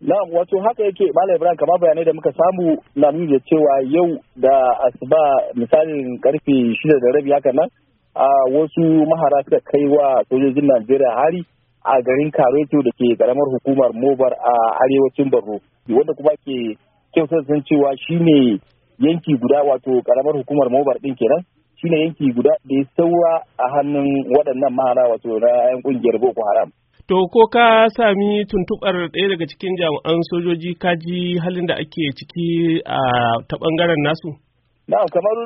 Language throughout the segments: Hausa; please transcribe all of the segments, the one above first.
Na'am wato haka yake Malam Ibrahim kama bayanai da muka samu na nuna cewa yau da asuba misalin karfe shida da rabi haka nan a wasu mahara suka kai wa sojojin Najeriya hari a garin Kareto da ke karamar hukumar Mobar a arewacin Borno wanda kuma ke kyautar cewa shine yanki guda wato karamar hukumar Mobar din kenan shine yanki guda da ya saura a hannun waɗannan mahara wato na 'yan kungiyar Boko Haram. To, ko ka sami tuntuɓar ɗaya daga cikin jami'an sojoji ka ji halin da ake ciki a ta ɓangaren nasu? Na, kamar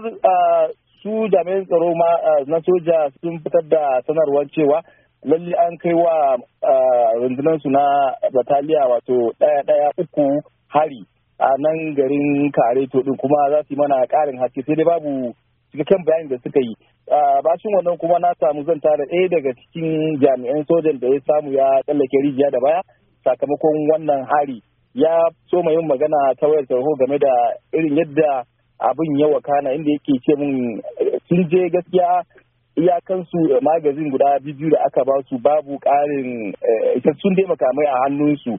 su jami'an tsaro ma na soja sun fitar da sanarwar cewa lalle an kai wa rundunar na bataliya wato ɗaya ɗaya uku hari a nan garin kare to ɗin kuma za su yi mana ƙarin haske sai dai babu cikakken bayanin da suka yi bashin wannan kuma na samu zan tara ɗaya daga cikin jami'an sojan da ya samu ya tsallake rijiya da baya sakamakon wannan hari ya so yin magana ta wayar tarho game da irin yadda abin ya wakana inda yake ce mun sun je gaskiya iyakansu magazin guda biyu da aka ba su babu ƙarin eh, sun dai makamai a hannunsu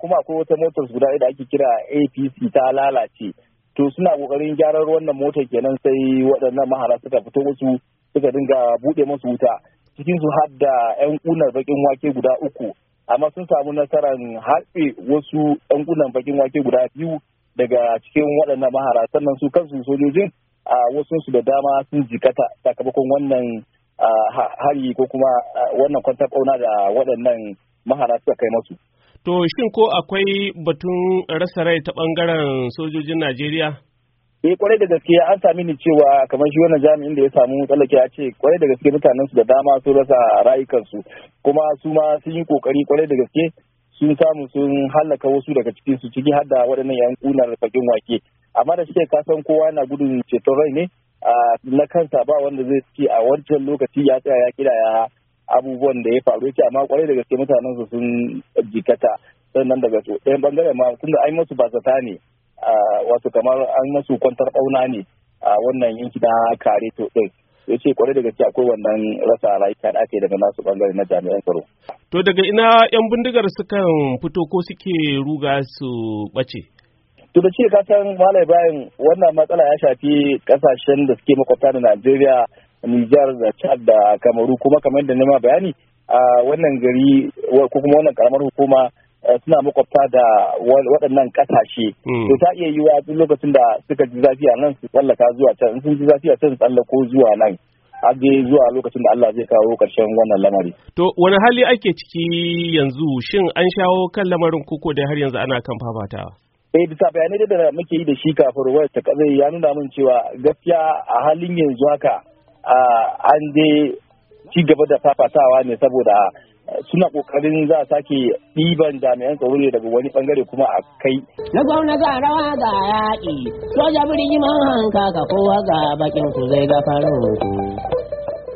kuma akwai wata motar guda da ake kira apc ta lalace to suna kokarin gyaran wannan mota kenan sai waɗannan mahara suka fito musu suka dinga buɗe musu wuta cikin su har da yan kunar bakin wake guda uku amma sun samu nasarar harbe wasu yan kunar bakin wake guda biyu daga cikin waɗannan mahara sannan su kansu sojojin a wasu su da dama sun jikata sakamakon wannan hari ko kuma wannan kwantar ƙauna da waɗannan mahara suka kai masu. To shin ko akwai batun rasa rai ta ɓangaren sojojin Najeriya? eh kwarai da gaske an sami ni cewa kamar shi wannan jami'in da ya samu tsallake ya ce kwarai da gaske mutanensu su da dama sun rasa rayukansu kuma su ma sun yi kokari kwarai da gaske sun samu sun hallaka wasu daga cikin su ciki har da waɗannan yan kunar fagen wake amma da shi ka san kowa na gudun ceton rai ne na kansa ba wanda zai ci a wancan lokaci ya tsaya ya kira ya abubuwan da ya faru yake amma kwarai da gaske mutanen su sun jikata sannan daga su ɗayan bangare ma da an masu basata ne wato kamar an masu kwantar ɓauna ne a wannan yanki na kare to ɗin ya ce kwarai da gaske akwai wannan rasa rayuka da ake daga nasu bangare na jami'an tsaro. To daga ina 'yan bindigar sukan fito ko suke ruga su ɓace? To da ce kasan malai bayan wannan matsala ya shafi kasashen da suke makwabta da Najeriya Nijar da Chad da Kamaru kuma kamar yadda na ma bayani a wannan gari ko kuma wannan karamar hukuma eh, suna makwabta da waɗannan ƙasashe. Hmm. To ta iya yiwa duk lokacin da suka ji zafi a nan su tsallaka zuwa can in sun ji zafi a can su tsallako zuwa nan. Aje zuwa lokacin da Allah zai kawo ƙarshen wannan lamari. To wani hali ake ciki yanzu shin an shawo kan lamarin koko da har yanzu ana kan fafata? Eh bisa bayanai da muke yi da shi kafin ruwa ta zai ya nuna min cewa gaskiya a halin yanzu haka an je ci gaba da fafatawa ne saboda eh, suna kokarin za a sake ɗiban jami'an tsaro ne daga wani bangare kuma a kai. Na gwamna ga rawa ga yaƙi, soja birni man hanka ka kowa ga bakin ku zai ga farin